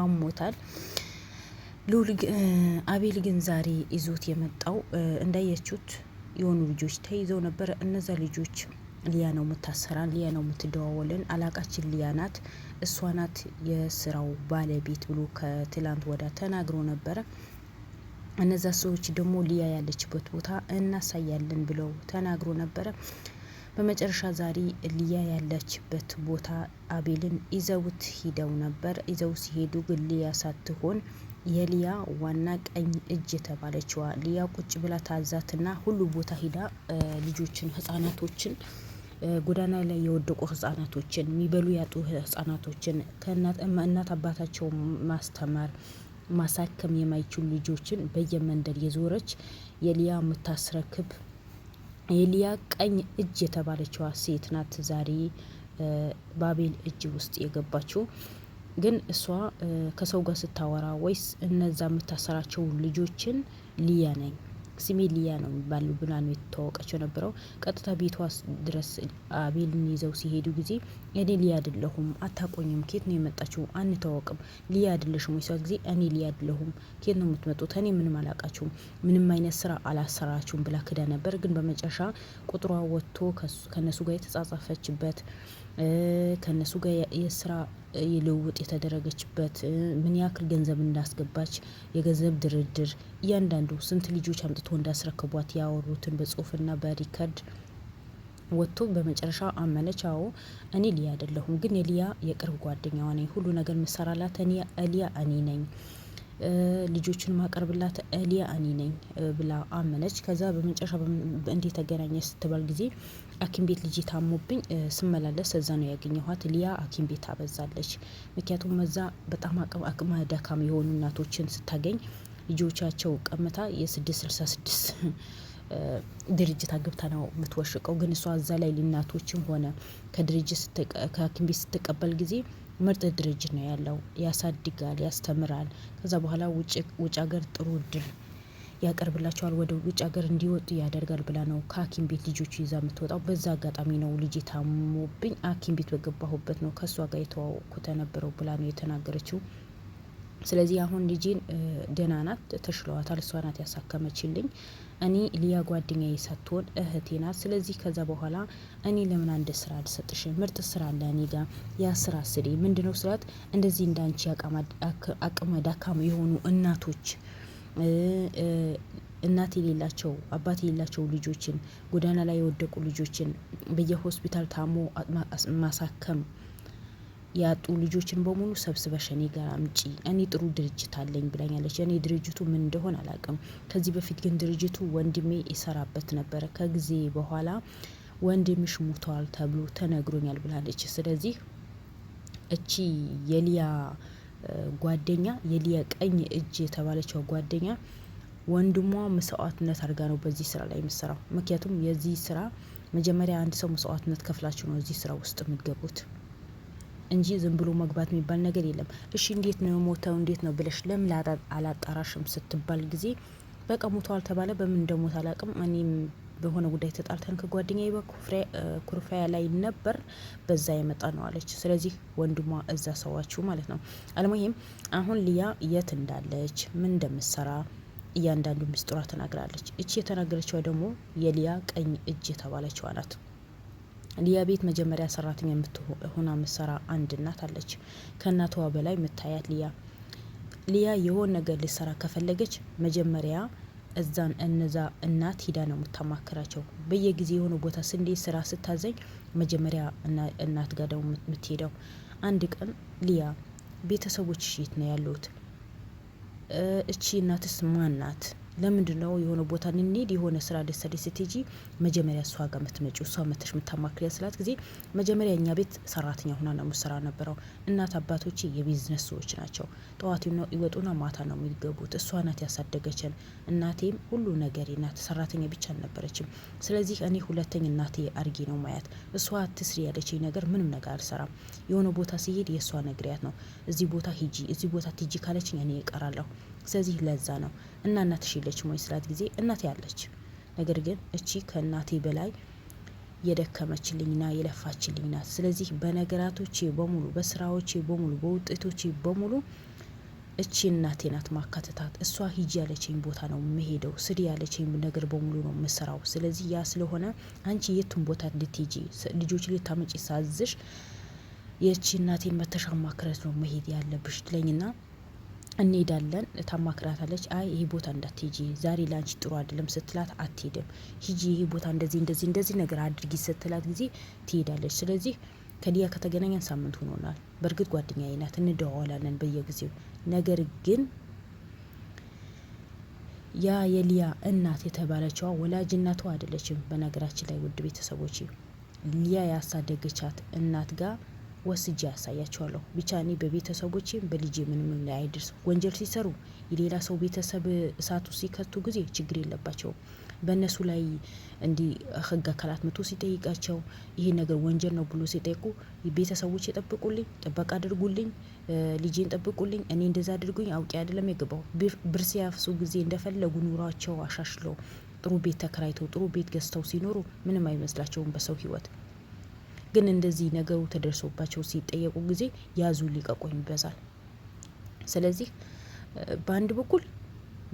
አሞታል። አቤል ግን ዛሬ ይዞት የመጣው እንዳያችሁት የሆኑ ልጆች ተይዘው ነበረ። እነዛ ልጆች ሊያ ነው የምታሰራን፣ ሊያ ነው የምትደዋወልን፣ አላቃችን ሊያ ናት፣ እሷ ናት የስራው ባለቤት ብሎ ከትላንት ወዳ ተናግሮ ነበረ። እነዛ ሰዎች ደግሞ ሊያ ያለችበት ቦታ እናሳያለን ብለው ተናግሮ ነበረ። በመጨረሻ ዛሬ ሊያ ያለችበት ቦታ አቤልን ይዘውት ሂደው ነበር። ይዘው ሲሄዱ ግን ሊያ ሳትሆን የሊያ ዋና ቀኝ እጅ የተባለችዋ ሊያ ቁጭ ብላ ታዛትና ሁሉ ቦታ ሂዳ ልጆችን፣ ህጻናቶችን ጎዳና ላይ የወደቁ ህጻናቶችን፣ የሚበሉ ያጡ ህጻናቶችን እናት አባታቸው ማስተማር ማሳከም የማይችሉ ልጆችን በየመንደር የዞረች የሊያ የምታስረክብ የሊያ ቀኝ እጅ የተባለችዋ ሴት ናት ዛሬ ባቤል እጅ ውስጥ የገባችው። ግን እሷ ከሰው ጋር ስታወራ ወይስ እነዛ የምታሰራቸው ልጆችን ሊያ ነኝ ስሜ ሊያ ነው የሚባለው ብና ነው የተዋወቀችው ነበረው። ቀጥታ ቤቷ ድረስ አቤልን ይዘው ሲሄዱ ጊዜ እኔ ሊያ አይደለሁም፣ አታቆኝም፣ ኬት ነው የመጣችው? አንተዋወቅም፣ ሊያ አይደለሽም ወይ ሲሏት ጊዜ እኔ ሊያ አይደለሁም፣ ኬት ነው የምትመጡት? እኔ ምንም አላቃችሁም፣ ምንም አይነት ስራ አላሰራችሁም ብላ ክዳ ነበር። ግን በመጨረሻ ቁጥሯ ወጥቶ ከነሱ ጋር የተጻጻፈችበት ከነሱ ጋር የስራ ልውውጥ የተደረገችበት ምን ያክል ገንዘብ እንዳስገባች የገንዘብ ድርድር እያንዳንዱ ስንት ልጆች አምጥቶ እንዳስረከቧት ያወሩትን በጽሁፍና በሪከርድ ወጥቶ በመጨረሻ አመነች። አዎ እኔ ሊያ አይደለሁም፣ ግን የሊያ የቅርብ ጓደኛዋ ነኝ። ሁሉ ነገር ምሰራላት ሊያ እኔ ነኝ፣ ልጆችን ማቀርብላት ሊያ እኔ ነኝ ብላ አመነች። ከዛ በመጨረሻ እንዴት ተገናኘ ስትባል ጊዜ አኪም ቤት ልጅ ታሞብኝ ስመላለስ እዛ ነው ያገኘኋት። ሊያ አኪም ቤት አበዛለች። ምክንያቱም እዛ በጣም አቅመ ደካም የሆኑ እናቶችን ስታገኝ ልጆቻቸው ቀምታ የስድስት ስልሳ ስድስት ድርጅት አግብታ ነው የምትወሽቀው። ግን እሷ እዛ ላይ ልናቶችም ሆነ ከድርጅት ከሐኪም ቤት ስትቀበል ጊዜ ምርጥ ድርጅት ነው ያለው። ያሳድጋል፣ ያስተምራል። ከዛ በኋላ ውጭ ሀገር ጥሩ እድል ያቀርብላቸዋል፣ ወደ ውጭ ሀገር እንዲወጡ ያደርጋል ብላ ነው ከሐኪም ቤት ልጆቹ ይዛ የምትወጣው። በዛ አጋጣሚ ነው ልጅ ታሞብኝ ሐኪም ቤት በገባሁበት ነው ከእሷ ጋር የተዋወቅኩ ተነበረው ብላ ነው የተናገረችው። ስለዚህ አሁን ልጄን ደህና ናት፣ ተሽለዋታል። እሷ ናት ያሳከመችልኝ። እኔ ሊያ ጓደኛዬ ሳትሆን እህቴ ናት። ስለዚህ ከዛ በኋላ እኔ ለምን አንድ ስራ አልሰጥሽ? ምርጥ ስራ አለ እኔ ጋ ያ ስራ ስሪ። ምንድነው ስራት? እንደዚህ እንዳንቺ አቅመ ደካማ የሆኑ እናቶች እናት የሌላቸው አባት የሌላቸው ልጆችን ጎዳና ላይ የወደቁ ልጆችን በየሆስፒታል ታሞ ማሳከም ያጡ ልጆችን በሙሉ ሰብስበሽ እኔ ጋር አምጪ። እኔ ጥሩ ድርጅት አለኝ ብላኛለች። እኔ ድርጅቱ ምን እንደሆን አላውቅም። ከዚህ በፊት ግን ድርጅቱ ወንድሜ ይሰራበት ነበረ። ከጊዜ በኋላ ወንድምሽ ሙተዋል ተብሎ ተነግሮኛል ብላለች። ስለዚህ እቺ የሊያ ጓደኛ የሊያ ቀኝ እጅ የተባለችው ጓደኛ ወንድሟ መስዋዕትነት አድርጋ ነው በዚህ ስራ ላይ የምትሰራው። ምክንያቱም የዚህ ስራ መጀመሪያ አንድ ሰው መስዋዕትነት ከፍላችሁ ነው እዚህ ስራ ውስጥ የምትገቡት እንጂ ዝም ብሎ መግባት የሚባል ነገር የለም። እሺ እንዴት ነው የሞተው እንዴት ነው ብለሽ ለምን አላጣራሽም ስትባል ጊዜ በቃ ሞቷል ተባለ። በምን እንደሞተ አላውቅም እኔም በሆነ ጉዳይ ተጣልተን ከጓደኛዬ ኩርፋያ ላይ ነበር፣ በዛ የመጣ ነው አለች። ስለዚህ ወንድሟ እዛ ሰዋችሁ ማለት ነው። አልሙሂም አሁን ሊያ የት እንዳለች ምን እንደምሰራ እያንዳንዱ ሚስጥሯ ተናግራለች። እቺ የተናገረችዋ ደግሞ የሊያ ቀኝ እጅ የተባለችዋ ናት። ሊያ ቤት መጀመሪያ ሰራተኛ የምትሆና ምሰራ አንድ እናት አለች። ከእናትዋ በላይ ምታያት ሊያ ሊያ የሆን ነገር ልሰራ ከፈለገች መጀመሪያ እዛን እነዛ እናት ሂዳ ነው የምታማክራቸው። በየጊዜ የሆነ ቦታ ስንዴ ስራ ስታዘኝ መጀመሪያ እናት ጋር ደግሞ የምትሄደው። አንድ ቀን ሊያ ቤተሰቦች የት ነው ያሉት? እቺ እናትስ ማን ናት? ለምንድን ነው የሆነ ቦታ እንሄድ የሆነ ስራ ደሰደ ስትጂ መጀመሪያ እሷ ጋር ምትመጪ እሷ መተሽ የምታማክሪያ ስላት ጊዜ መጀመሪያ እኛ ቤት ሰራተኛ ሁና ነው የምትሰራ ነበረው። እናት አባቶች የቢዝነስ ሰዎች ናቸው። ጠዋት ይወጡና ማታ ነው የሚገቡት። እሷ ናት ያሳደገችን። እናቴም ሁሉ ነገር ናት። ሰራተኛ ብቻ አልነበረችም። ስለዚህ እኔ ሁለተኛ እናቴ አድርጌ ነው ማያት። እሷ ትስሪ ያለችኝ ነገር ምንም ነገር አልሰራም። የሆነ ቦታ ሲሄድ የእሷ ነግሪያት ነው። እዚህ ቦታ ሂጂ፣ እዚህ ቦታ ትጂ ካለችኝ እኔ እቀራለሁ። ስለዚህ ለዛ ነው እና እናትሽ የለችም ወይ ስላት ጊዜ እናቴ አለች፣ ነገር ግን እቺ ከእናቴ በላይ የደከመችልኝና የለፋችልኝ ናት። ስለዚህ በነገራቶቼ በሙሉ በስራዎቼ በሙሉ በውጤቶቼ በሙሉ እቺ እናቴ ናት ማካተታት። እሷ ሂጂ ያለችኝ ቦታ ነው መሄደው፣ ስድ ያለችኝ ነገር በሙሉ ነው ምሰራው። ስለዚህ ያ ስለሆነ አንቺ የቱን ቦታ ልትሄጂ ልጆች ልታመጪ ሳዝሽ የቺ እናቴን መተሻ ማክረት ነው መሄድ ያለብሽ ትለኝና እንሄዳለን ታማክራታለች። አይ ይሄ ቦታ እንዳትሄጂ ዛሬ ላንቺ ጥሩ አይደለም ስትላት አትሄድም። ሂጂ ይሄ ቦታ እንደዚህ እንደዚህ እንደዚህ ነገር አድርጊ ስትላት ጊዜ ትሄዳለች። ስለዚህ ከዲያ ከተገናኘን ሳምንት ሆኖናል። በእርግጥ ጓደኛ ናት፣ እንደዋዋላለን በየጊዜው ነገር ግን ያ የሊያ እናት የተባለችዋ ወላጅ እናቷ አይደለችም። በነገራችን ላይ ውድ ቤተሰቦች ሊያ ያሳደገቻት እናት ጋር ወስጄ ያሳያቸዋለሁ። ብቻ እኔ በቤተሰቦቼም በልጄ ምንም ላይ አይደርስ። ወንጀል ሲሰሩ የሌላ ሰው ቤተሰብ እሳቱ ሲከቱ ጊዜ ችግር የለባቸውም። በእነሱ ላይ እንዲህ ህግ አካላት መጥቶ ሲጠይቃቸው ይሄ ነገር ወንጀል ነው ብሎ ሲጠይቁ ቤተሰቦች ጠብቁልኝ፣ ጥበቃ አድርጉልኝ፣ ልጄን ጠብቁልኝ፣ እኔ እንደዛ አድርጉኝ አውቄ አይደለም የገባው። ብር ሲያፍሱ ጊዜ እንደፈለጉ ኑሯቸው አሻሽለው ጥሩ ቤት ተከራይተው ጥሩ ቤት ገዝተው ሲኖሩ ምንም አይመስላቸውም በሰው ህይወት ግን እንደዚህ ነገሩ ተደርሶባቸው ሲጠየቁ ጊዜ ያዙ ሊቀቁኝ ይበዛል። ስለዚህ በአንድ በኩል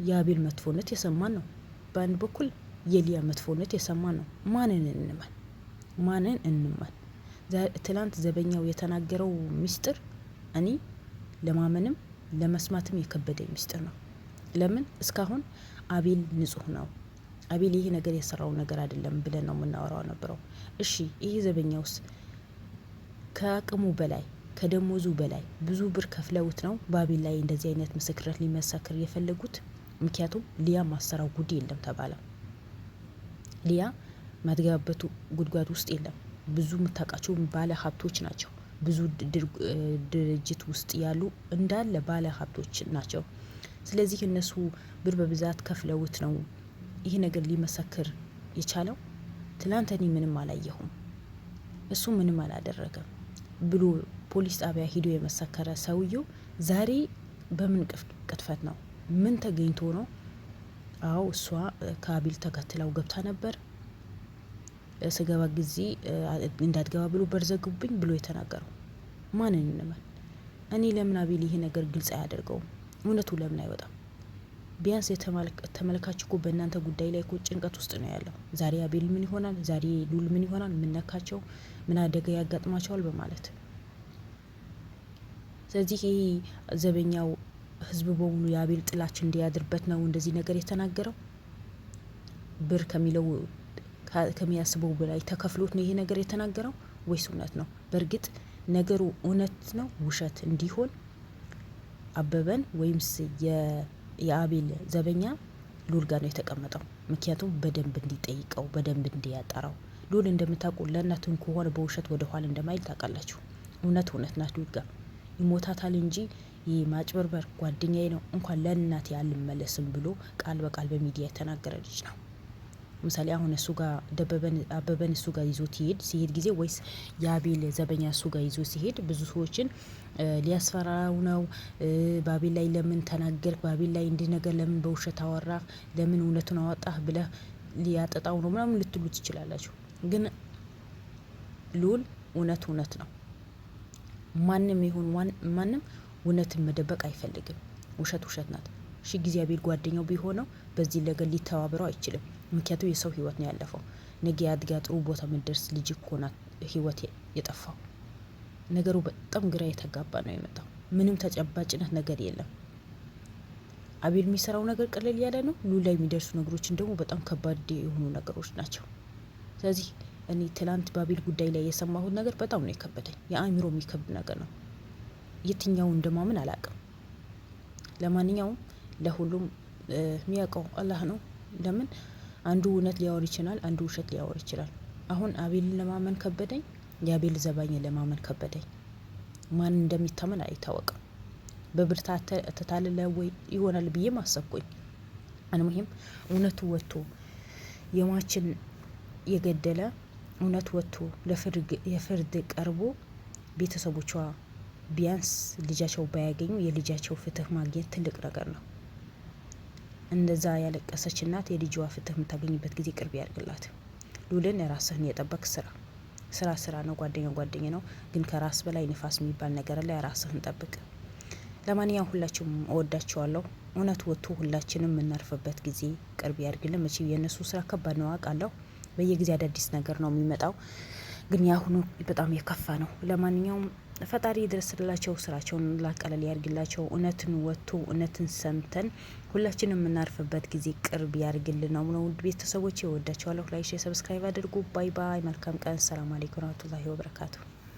የአቤል መጥፎነት የሰማን ነው፣ በአንድ በኩል የሊያ መጥፎነት የሰማን ነው። ማንን እንመን? ማንን እንመን? ትላንት ዘበኛው የተናገረው ሚስጥር እኔ ለማመንም ለመስማትም የከበደኝ ሚስጥር ነው። ለምን እስካሁን አቤል ንጹህ ነው አቤል ይሄ ነገር የሰራው ነገር አይደለም ብለን ነው የምናወራው ነበረው። እሺ ይሄ ዘበኛውስ ከአቅሙ በላይ ከደሞዙ በላይ ብዙ ብር ከፍለውት ነው በአቤል ላይ እንደዚህ አይነት ምስክርነት ሊመሰክር የፈለጉት። ምክንያቱም ሊያ ማሰራው ጉድ የለም ተባለ። ሊያ ማትገባበቱ ጉድጓድ ውስጥ የለም። ብዙ የምታውቃቸው ባለ ሀብቶች ናቸው። ብዙ ድርጅት ውስጥ ያሉ እንዳለ ባለ ሀብቶች ናቸው። ስለዚህ እነሱ ብር በብዛት ከፍለውት ነው ይሄ ነገር ሊመሰክር የቻለው ትላንት እኔ ምንም አላየሁም፣ እሱ ምንም አላደረገም ብሎ ፖሊስ ጣቢያ ሂዶ የመሰከረ ሰውየው ዛሬ በምን ቅጥፈት ነው? ምን ተገኝቶ ነው? አዎ እሷ ከአቢል ተከትለው ገብታ ነበር። ስገባ ጊዜ እንዳትገባ ብሎ በርዘጉብኝ ብሎ የተናገረው ማንን እንመን? እኔ ለምን አቤል ይሄ ነገር ግልጽ አያደርገውም? እውነቱ ለምን አይወጣም? ቢያንስ ተመልካች እኮ በእናንተ ጉዳይ ላይ እኮ ጭንቀት ውስጥ ነው ያለው። ዛሬ አቤል ምን ይሆናል? ዛሬ ሉል ምን ይሆናል? የምነካቸው ምን አደጋ ያጋጥማቸዋል? በማለት ስለዚህ ይህ ዘበኛው ህዝብ በሙሉ የአቤል ጥላች እንዲያድርበት ነው እንደዚህ ነገር የተናገረው። ብር ከሚለው ከሚያስበው በላይ ተከፍሎት ነው ይሄ ነገር የተናገረው ወይስ እውነት ነው? በእርግጥ ነገሩ እውነት ነው ውሸት እንዲሆን አበበን ወይምስ የአቤል ዘበኛ ሉል ጋር ነው የተቀመጠው። ምክንያቱም በደንብ እንዲጠይቀው በደንብ እንዲያጠራው ሉል እንደምታውቁ ለእናትን ከሆነ በውሸት ወደ ኋላ እንደማይል ታውቃላችሁ። እውነት እውነት ናት ሉል ጋር ይሞታታል እንጂ ይህ ማጭበርበር ጓደኛዬ ነው እንኳን ለእናቴ አልመለስም ብሎ ቃል በቃል በሚዲያ የተናገረ ልጅ ነው። ለምሳሌ አሁን እሱ ጋር አበበን እሱ ጋር ይዞ ሲሄድ ሲሄድ ጊዜ ወይስ የአቤል ዘበኛ እሱ ጋር ይዞ ሲሄድ ብዙ ሰዎችን ሊያስፈራው ነው። በአቤል ላይ ለምን ተናገርክ? በአቤል ላይ እንዲህ ነገር ለምን በውሸት አወራህ? ለምን እውነቱን አወጣህ ብለህ ሊያጠጣው ነው ምናምን ልትሉ ትችላላችሁ። ግን ልዑል እውነት እውነት ነው። ማንም ይሁን ማንም እውነትን መደበቅ አይፈልግም። ውሸት ውሸት ናት። ሺ ጊዜ አቤል ጓደኛው ቢሆነው በዚህ ነገር ሊተባብረው አይችልም። ምክንያቱም የሰው ህይወት ነው ያለፈው። ነገ አድጋ ጥሩ ቦታ መደርስ ልጅ እኮ ህይወት የጠፋው። ነገሩ በጣም ግራ የተጋባ ነው የመጣው። ምንም ተጨባጭነት ነገር የለም። አቤል የሚሰራው ነገር ቀለል ያለ ነው። ሉላ የሚደርሱ ነገሮችን ደግሞ በጣም ከባድ የሆኑ ነገሮች ናቸው። ስለዚህ እኔ ትላንት በአቤል ጉዳይ ላይ የሰማሁት ነገር በጣም ነው የከበደኝ። የአእምሮ የሚከብድ ነገር ነው። የትኛው እንደማምን አላውቅም። ለማንኛውም ለሁሉም የሚያውቀው አላህ ነው። ለምን አንዱ እውነት ሊያወር ይችላል፣ አንዱ ውሸት ሊያወር ይችላል። አሁን አቤልን ለማመን ከበደኝ፣ የአቤል ዘባኝን ለማመን ከበደኝ። ማን እንደሚታመን አይታወቅም። በብርታት ተታልለ ወይ ይሆናል ብዬ ማሰብኩኝ። አንሙሂም እውነቱ ወጥቶ የማችን የገደለ እውነት ወጥቶ የፍርድ ቀርቦ ቤተሰቦቿ ቢያንስ ልጃቸው ባያገኙ የልጃቸው ፍትህ ማግኘት ትልቅ ነገር ነው። እንደዛ ያለቀሰች እናት የልጅዋ ፍትህ የምታገኝበት ጊዜ ቅርብ ያድርግላት። ሉልን ራስህን የጠበቅ ስራ ስራ ስራ ነው፣ ጓደኛ ጓደኛ ነው፣ ግን ከራስ በላይ ንፋስ የሚባል ነገር ላይ ራስህን ጠብቅ። ለማንኛውም ሁላችሁም እወዳችኋለሁ። እውነት ወጥቶ ሁላችንም የምናርፍበት ጊዜ ቅርብ ያርግልን። መቼ የእነሱ ስራ ከባድ ነው አውቃለሁ። በየጊዜ አዳዲስ ነገር ነው የሚመጣው፣ ግን የአሁኑ በጣም የከፋ ነው። ለማንኛውም ፈጣሪ ይድረስላቸው፣ ስራቸውን ላቀለል ያርግላቸው። እውነትን ወጥቶ እውነትን ሰምተን ሁላችንም የምናርፍበት ጊዜ ቅርብ ያርግልን ነው ነው። ውድ ቤተሰቦች ይወዳቸዋለሁ። ላይክ፣ ሰብስክራይብ አድርጉ። ባይ ባይ። መልካም ቀን። ሰላም አለይኩም ረህመቱላሂ ወበረካቱሁ።